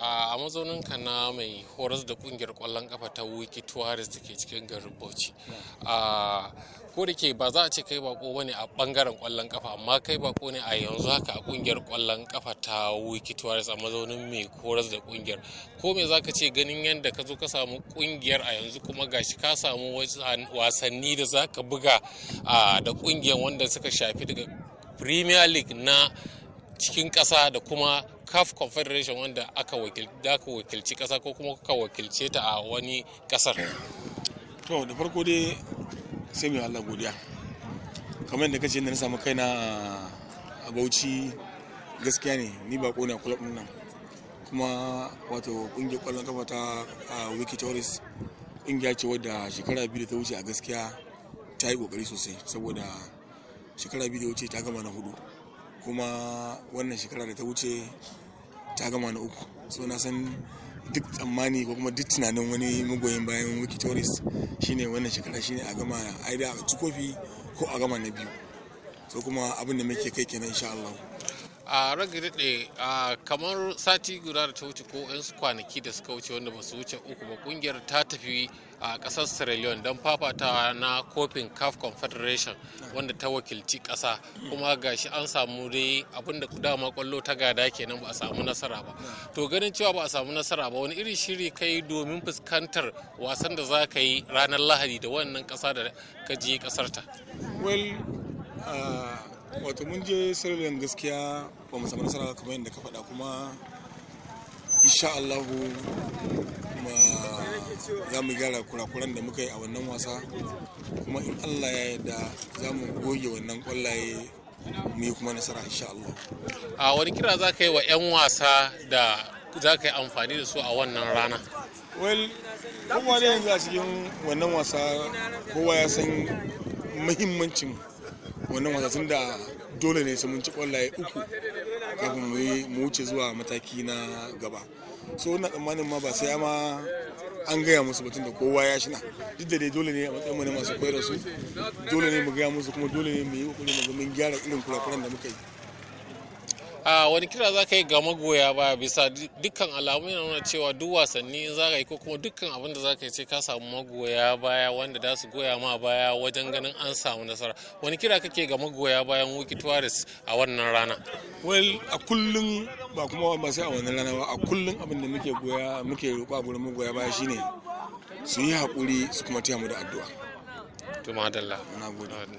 a mazaunin ka na mai horas da kungiyar kwallon kafa ta wiki tuwaris da ke cikin garin bauchi a ko da ke ba za a ce kai bako ne a bangaren kwallon kafa amma kai bako ne a yanzu haka a kungiyar kwallon kafa ta wiki tuwaris a mazaunin mai horas da kungiyar ko me za ka ce ganin yadda ka zo ka samu kungiyar a yanzu kuma gashi ka samu wasanni da za ka buga da kungiyar wanda suka shafi daga premier league na cikin ƙasa da kuma CAF Confederation wanda aka wakilci ƙasa ko kuma ka wakilce ta a wani kasar To da farko dai sai mai Allah godiya. Kamar yadda kace na samu kaina a Bauchi gaskiya ne ni ba kona din nan. Kuma wato kungiyar kwallon kafa ta Wiki tauris kungiya ce wadda shekara biyu da ta wuce a gaskiya ta yi kokari sosai saboda shekara biyu da wuce ta gama na hudu. kuma wannan shekara da ta wuce ta gama na uku so na san duk tsammani ko kuma duk tunanin wani magoyin bayan wiki tourist shine wannan shekara shine a gama aida a ci kofi ko a gama na biyu so kuma abin da muke kai kenan insha Allah a rage a kamar sati guda da ta wuce ko 'yan kwanaki da suka wuce wanda ba su wuce uku ba kungiyar ta tafi a kasar sierra leone don fafatawa na kofin caf confederation wanda ta wakilci kasa kuma gashi an samu dai abinda ma kwallo ta gada kenan ba a samu nasara ba to ganin cewa ba a samu nasara ba wani irin shiri kai domin fuskantar wasan da za ka yi ranar lahadi da wannan kasa da ka je kasarta well uh... wato mun je sirrin gaskiya ba mu samu nasara kamar yadda ka faɗa kuma insha Allahu ma za mu gyara kurakuran da muka yi a wannan wasa kuma in Allah ya yarda za mu goge wannan kwallaye mu yi kuma nasara insha Allah a wani kira za ka yi wa 'yan wasa da za ka yi amfani da su a wannan rana well kowa ne yanzu a cikin wannan wasa kowa ya san muhimmancin wannan wasa da dole ne su mun ci kwallaye uku kafin mu wuce zuwa mataki na gaba so na tsammanin ma ba sai ma an gaya musu batun da kowa ya shina duk da dai dole ne a matsayin mu masu masu koyar su dole ne mu gaya musu kuma dole ne mu yi kokari mu ga mun gyara irin kurakuran da muka yi a wani kira za ka yi ga magoya ba bisa dukkan alamu yana nuna cewa duk wasanni za ka yi ko kuma dukkan abin da za ka yi ce ka samu magoya baya wanda za su goya ma baya wajen ganin an samu nasara wani kira kake ga magoya bayan wiki tuwaris a wannan rana well a kullum ba kuma ba sai a wannan rana ba a kullum abin da muke goya muke roƙa gurin magoya baya shine su yi haƙuri su kuma taya mu da addu'a to madalla na gode